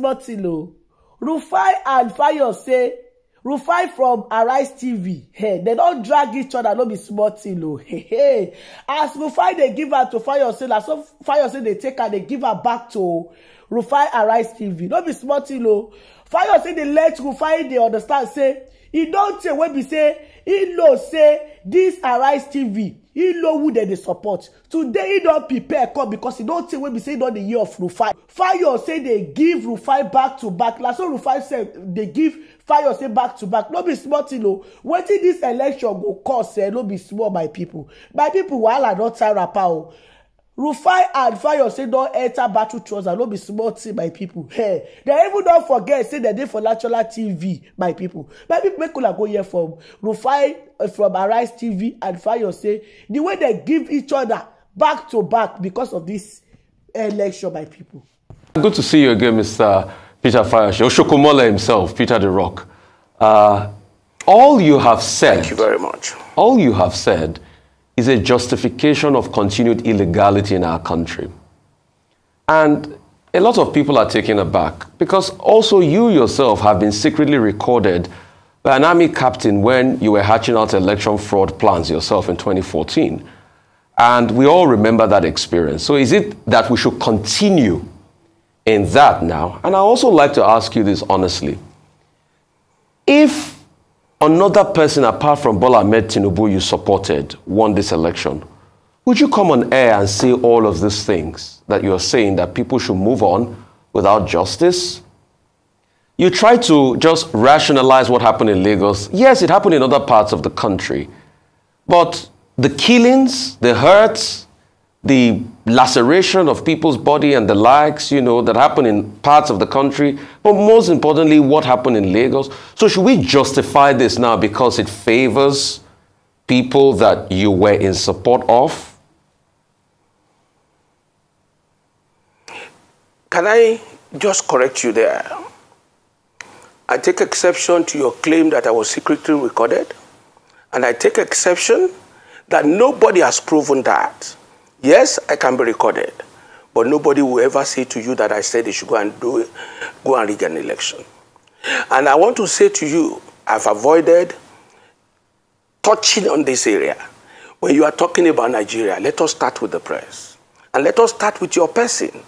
throttle o rufai and fayo say rufai from arise tv hey, they don't drag each other no be small thing o hey, hey. as rufai they give her to say. na so say they take her. They give her back to rufai arise tv no be small thing o say they let rufai They understand say e don tey wey be say e know say this arise tv e know who dem dey support today e don prepare come because e don tey wey be say e don dey hear of rufai fayo say dey give rufai back to back na so rufai sef dey give fayo say back to back no be small thing o wetin dis election go cause eh no be small my pipo my pipo wahala don tire wrapper o rufai and say don't enter battle trouser no be small thing my pipo hey, They even don't forget say they did for national tv my people. my pipo make go here from rufai eh, from arise tv and say the way they give each other back to back because of this election my people. good to see you again mr peter fayose osokomola himself peter the rock uh, all you have said thank you very much all you have said is a justification of continued illegality in our country. And a lot of people are taken aback because also you yourself have been secretly recorded by an army captain when you were hatching out election fraud plans yourself in 2014. And we all remember that experience. So is it that we should continue in that now? And I also like to ask you this honestly. If another person apart from Bola Ahmed Tinubu you supported won this election, would you come on air and say all of these things that you're saying that people should move on without justice? You try to just rationalize what happened in Lagos. Yes, it happened in other parts of the country. But the killings, the hurts, the laceration of people's body and the likes, you know, that happen in parts of the country, but most importantly, what happened in Lagos. So should we justify this now because it favors people that you were in support of? Can I just correct you there? I take exception to your claim that I was secretly recorded, and I take exception that nobody has proven that. Yes, I can be recorded, but nobody will ever say to you that I said you should go and do it, go and rig an election. And I want to say to you, I've avoided touching on this area. When you are talking about Nigeria, let us start with the press. And let us start with your person.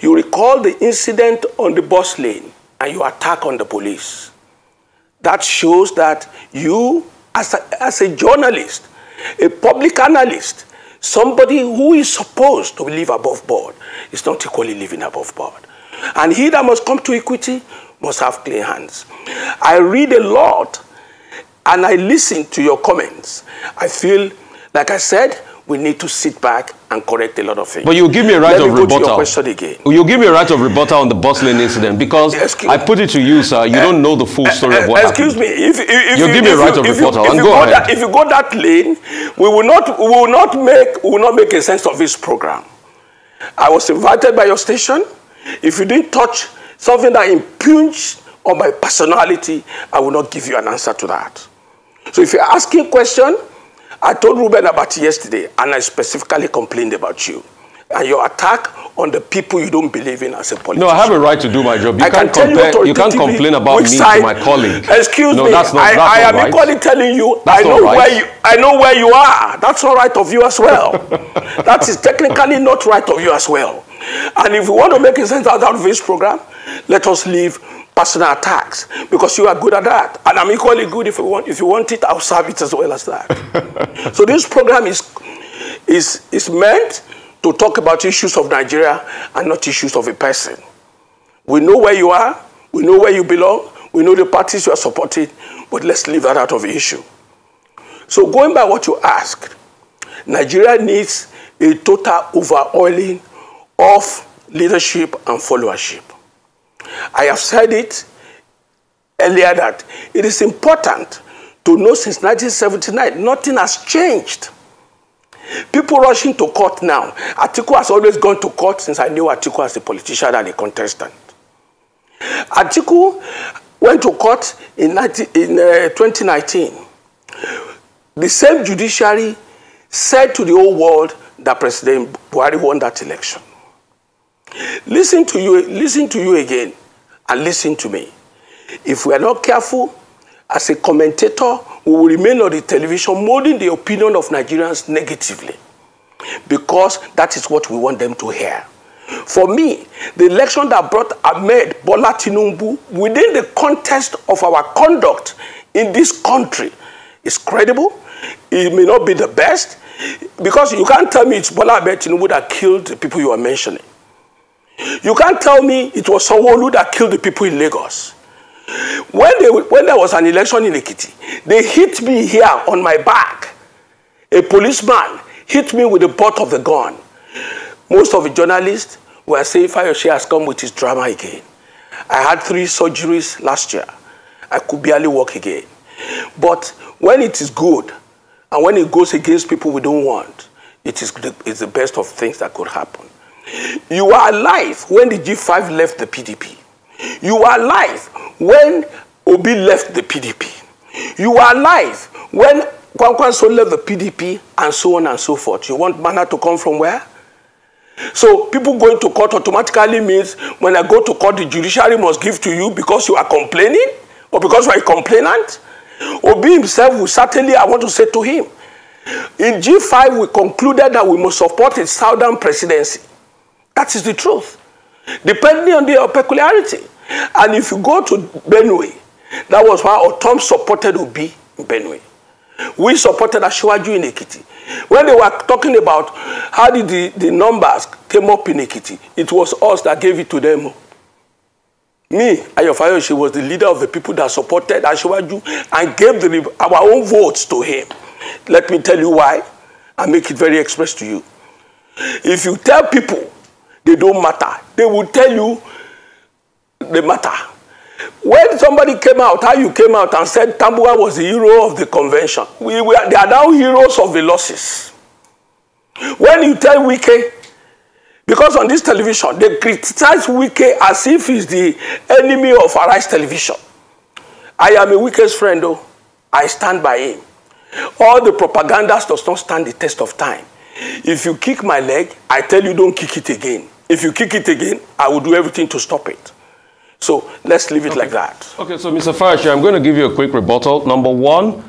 You recall the incident on the bus lane and your attack on the police. That shows that you, as a, as a journalist, a public analyst, Somebody who is supposed to live above board is not equally living above board. And he that must come to equity must have clean hands. I read a lot and I listen to your comments. I feel, like I said, we need to sit back and correct a lot of things. But you give me a right Let of rebuttal. question again. You give me a right of rebuttal on the bustling incident because excuse I put it to you, sir. You uh, don't know the full eh, story uh, uh, of eh, what excuse happened. Excuse me. If, if, you, give me a right you, of rebuttal, and go, go ahead. That, if you go that lane, we will not we will not make we will not make a sense of this program. I was invited by your station. If you didn't touch something that impugns on my personality, I will not give you an answer to that. So if you're asking question I told Ruben about yesterday, and I specifically complained about you and your attack on the people you don't believe in as a politician. No, I have a right to do my job. You I can't can compare. You can't complain about me side. to my colleague. Excuse no, me. That's not, I, that's I am right. equally telling you. I know right. where you. I know where you are. That's all right of you as well. that is technically not right of you as well. And if you want to make a sense out of this program, let us leave personal attacks because you are good at that. And I'm equally good if you want, if you want it, I'll serve it as well as that. so this program is, is, is meant to talk about issues of Nigeria and not issues of a person. We know where you are, we know where you belong, we know the parties you are supporting, but let's leave that out of the issue. So going by what you asked, Nigeria needs a total overhauling of leadership and followership. I have said it earlier that it is important to know since 1979, nothing has changed. People rushing to court now. Atiku has always gone to court since I knew Atiku as a politician and a contestant. Atiku went to court in, 19, in uh, 2019. The same judiciary said to the whole world that President Buhari won that election. Listen to you, listen to you again, and listen to me. If we are not careful, as a commentator, we will remain on the television molding the opinion of Nigerians negatively because that is what we want them to hear. For me, the election that brought Ahmed Bola Tinubu within the context of our conduct in this country is credible. It may not be the best because you can't tell me it's Bola Ahmed Tinubu that killed the people you are mentioning. You can't tell me it was Sanwo-Olu that killed the people in Lagos. When, they, when there was an election in Ekiti, they hit me here on my back. A policeman hit me with the butt of the gun. Most of the journalists were saying Fayoshe has come with his drama again. I had three surgeries last year. I could barely walk again. But when it is good, and when it goes against people we don't want, it is the, it's the best of things that could happen. You were alive when the G5 left the PDP. You were alive when Obi left the PDP. You were alive when Kwankwanso left the PDP and so on and so forth. You want mana to come from where? So people going to court automatically means when I go to court, the judiciary must give to you because you are complaining or because you are a complainant. Obi himself will certainly, I want to say to him, in G5 we concluded that we must support a southern presidency. That is the truth. Depending on their peculiarity. And if you go to Benue, that was why Otom supported Obi in Benue. We supported Asiwaju in Ekiti. When they were talking about how did the, the numbers came up in Ekiti, it was us that gave it to them. Me, she was the leader of the people that supported Asiwaju and gave the, our own votes to him. Let me tell you why and make it very express to you. If you tell people They don't matter. They will tell you the matter. When somebody came out, how you came out and said Tambua was the hero of the convention. We, we are, they are now heroes of the losses. When you tell Wike, because on this television, they criticize Wike as if he's the enemy of Arise television. I am a Wike's friend, though. I stand by him. All the propaganda does not stand the test of time. If you kick my leg, I tell you don't kick it again. If you kick it again, I will do everything to stop it. So let's leave it okay. like that. Okay, so Mr. Farashi, I'm going to give you a quick rebuttal. Number one,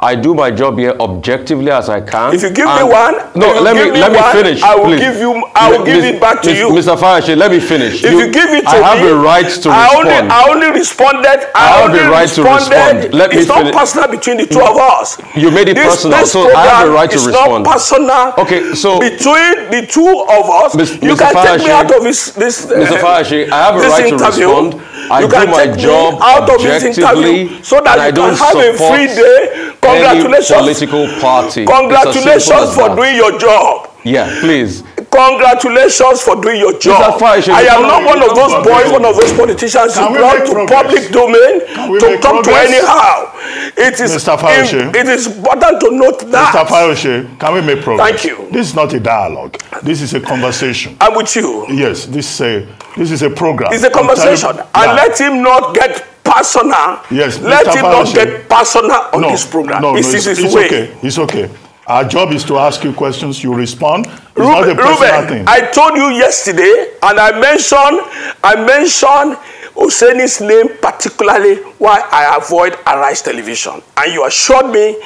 I do my job here objectively as I can. If you give me one, no, let me, me let me one, finish. I will please. give you. I will Ms. give it back to Ms. you, Mr. Fayashe. Let me finish. If you, you give it to I me, I have a right to I respond. Only, I only responded. I, I have a right responded. to respond. Let it's me finish. It's not personal between the two of us. You made it this, personal, this so I have a right to respond. It's not personal. Okay, so between the two of us, Ms. you Mr. can Fayashe, take me out of this. this uh, Mr. Fayashe, I have a right interview. to respond. I you do my job out objectively, of this interview so that you can have a free day congratulations. any political party. Congratulations for doing your job. Yeah, please. Congratulations for doing your job. Mr. Fire, I am not one of those boys, one of those politicians you brought to public domain to come to anyhow. It is Mr. Fayose. It is important to note that. Mr. Fayose, can we make progress? Thank you. This is not a dialogue. This is a conversation. I'm with you. Yes, this is a this is a program. It's a conversation. And let him not get personal. Yes, Let Mr. him Parashe. not get personal on no, this program. No, this no, is it's, his it's way. okay. It's okay. Our job is to ask you questions, you respond. It's Ruben, not a personal Ruben, thing. I told you yesterday, and I mentioned, I mentioned Hosseini's name particularly why I avoid Arise Television. And you assured me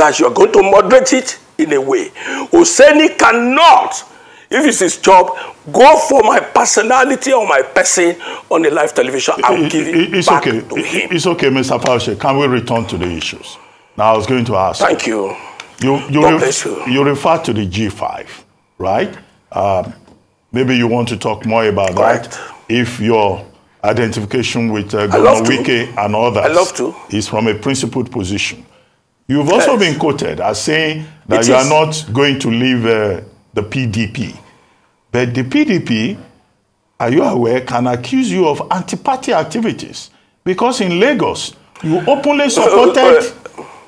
that you are going to moderate it in a way. Hosseini cannot If it's his job, go for my personality or my person on the live television. I'll give it it's back okay. to him. It's okay, Mr. Fauci. Can we return to the issues? Now, I was going to ask. Thank you. You, you, ref you. you refer to the G5, right? Um, maybe you want to talk more about Correct. that. If your identification with uh, Governor Wike and others I love to. is from a principled position. You've also yes. been quoted as saying that it you is. are not going to leave uh, the PDP. But the PDP, are you aware, can accuse you of anti-party activities because in Lagos, you openly supported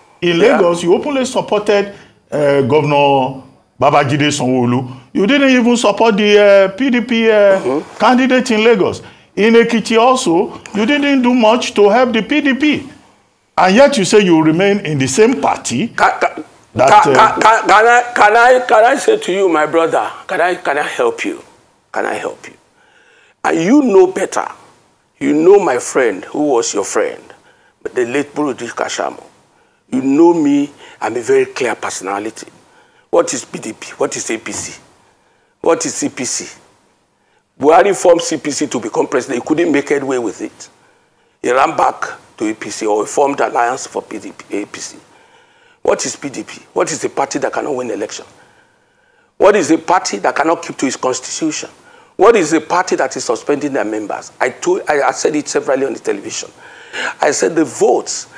in Lagos, yeah. you openly supported uh, Governor Babajide sanwo You didn't even support the uh, PDP uh, mm-hmm. candidate in Lagos. In Ekiti also, you didn't do much to help the PDP. And yet you say you remain in the same party. Ka, ka, That, can, uh, can, can, I, can, I, can I say to you, my brother, can I, can I help you? Can I help you? And you know better. You know my friend, who was your friend, the late Burudi Kashamo. You know me, I'm a very clear personality. What is PDP? What is APC? What is CPC? Buhari formed CPC to become president. He couldn't make headway with it. He ran back to APC or he formed alliance for PDP, APC. What is PDP? What is a party that cannot win election? What is a party that cannot keep to its constitution? What is a party that is suspending their members? I, told, I, I said it severally on the television. I said the votes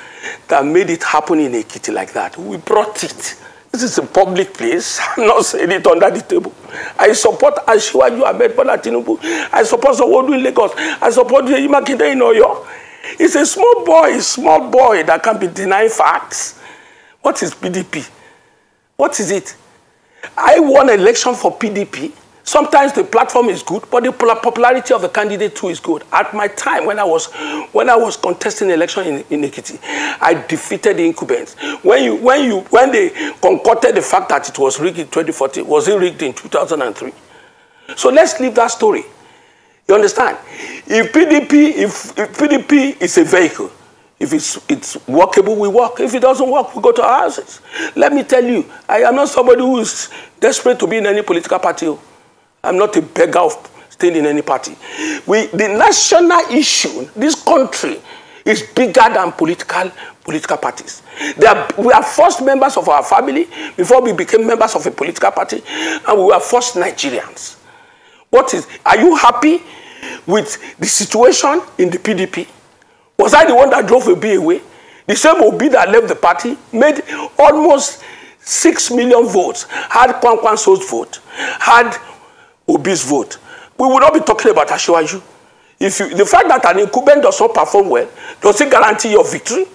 that made it happen in a kitty like that, we brought it. This is a public place. I'm not saying it under the table. I support Ashiwaju Ahmed Bola Tinubu. I support Sowodu in Lagos. I support Yeyi Makinde in Oyo. It's a small boy, small boy that can be denied facts. What is PDP? What is it? I won election for PDP. Sometimes the platform is good, but the popularity of the candidate too is good. At my time, when I was, when I was contesting election in, in I defeated the incumbents. When, you, when, you, when they concocted the fact that it was rigged in 2014, was it rigged in 2003? So let's leave that story. You understand? If PDP, if, if PDP is a vehicle, if it's, it's workable, we work. If it doesn't work, we go to our houses. Let me tell you, I am not somebody who is desperate to be in any political party. Oh. I'm not a beggar of staying in any party. We, the national issue, this country, is bigger than political political parties. Are, we are first members of our family before we became members of a political party, and we were first Nigerians. What is, are you happy with the situation in the PDP? Was I the one that drove Obi away? The same Obi that left the party made almost six million votes, had Kwankwan So's vote, had Obi's vote. We would not be talking about Asiwaju. If you, the fact that an incumbent does not perform well, does it guarantee your victory?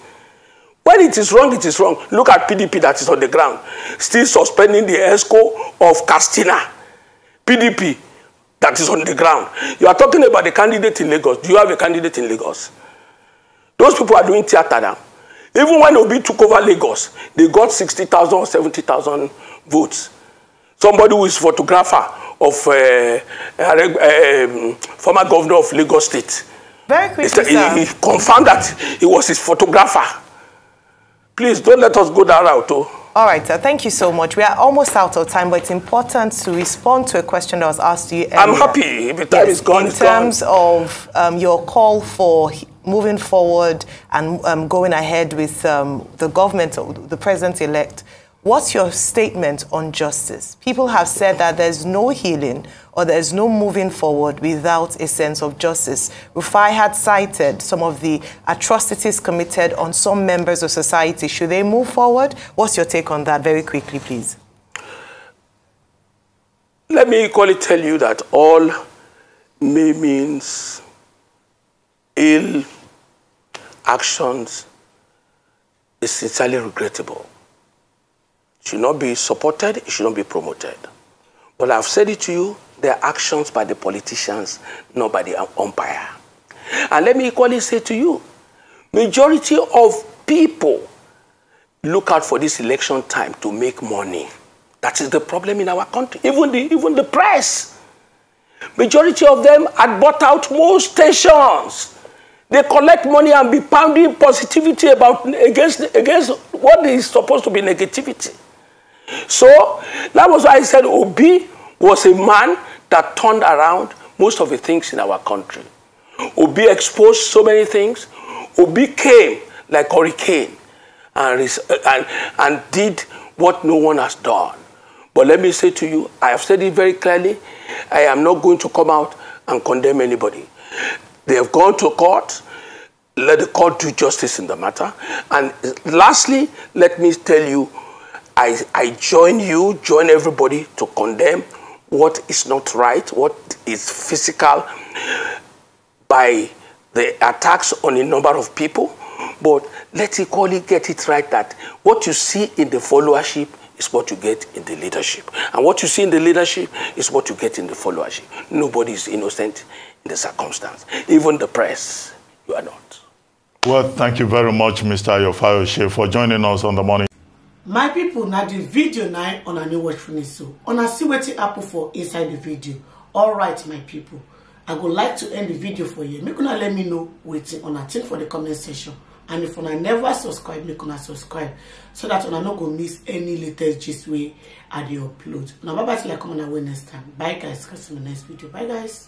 When it is wrong, it is wrong. Look at PDP that is on the ground, still suspending the ESCO of Castina. PDP that is on the ground. You are talking about the candidate in Lagos. Do you have a candidate in Lagos? Those people are doing theater now. Even when Obi took over Lagos, they got 60,000 or 70,000 votes. Somebody who is photographer of uh, uh, um, former governor of Lagos State. Very quickly, he, he confirmed that he was his photographer. Please don't let us go that route. Oh. All right, sir. Thank you so much. We are almost out of time, but it's important to respond to a question that was asked to you earlier. I'm happy. the time yes, is gone, In terms gone. of um, your call for moving forward and um, going ahead with um, the government, the president elect, what's your statement on justice? People have said that there's no healing or there's no moving forward without a sense of justice. Rufai had cited some of the atrocities committed on some members of society. Should they move forward? What's your take on that very quickly, please? Let me equally tell you that all may means ill actions is sincerely regrettable. It should not be supported, it should not be promoted. But I've said it to you, there are actions by the politicians, not by the umpire. And let me equally say to you, majority of people look out for this election time to make money. That is the problem in our country. Even the, even the press, majority of them had bought out most stations They collect money and be pounding positivity about against against what is supposed to be negativity. So that was why I said Obi was a man that turned around most of the things in our country. Obi exposed so many things. Obi came like hurricane and, and, and did what no one has done. But let me say to you, I have said it very clearly. I am not going to come out and condemn anybody. They have gone to court. Let the court do justice in the matter. And lastly, let me tell you, I, I join you, join everybody to condemn what is not right, what is physical by the attacks on a number of people. But let's equally get it right that what you see in the followership is what you get in the leadership. And what you see in the leadership is what you get in the followership. Nobody is innocent the circumstance. Even the press, you are not. Well, thank you very much, Mr. Ayofayoshe, for joining us on the morning. My people, now the video now on a new watch finish so. On a see what it happen for inside the video. All right, my people. I would like to end the video for you. Make una let me know waiting on a thing for the comment section. And if una never subscribe, make una subscribe so that una no go miss any latest gist way at the upload. Now, bye bye till I come on a Wednesday. Bye guys, catch you in the next video. Bye guys.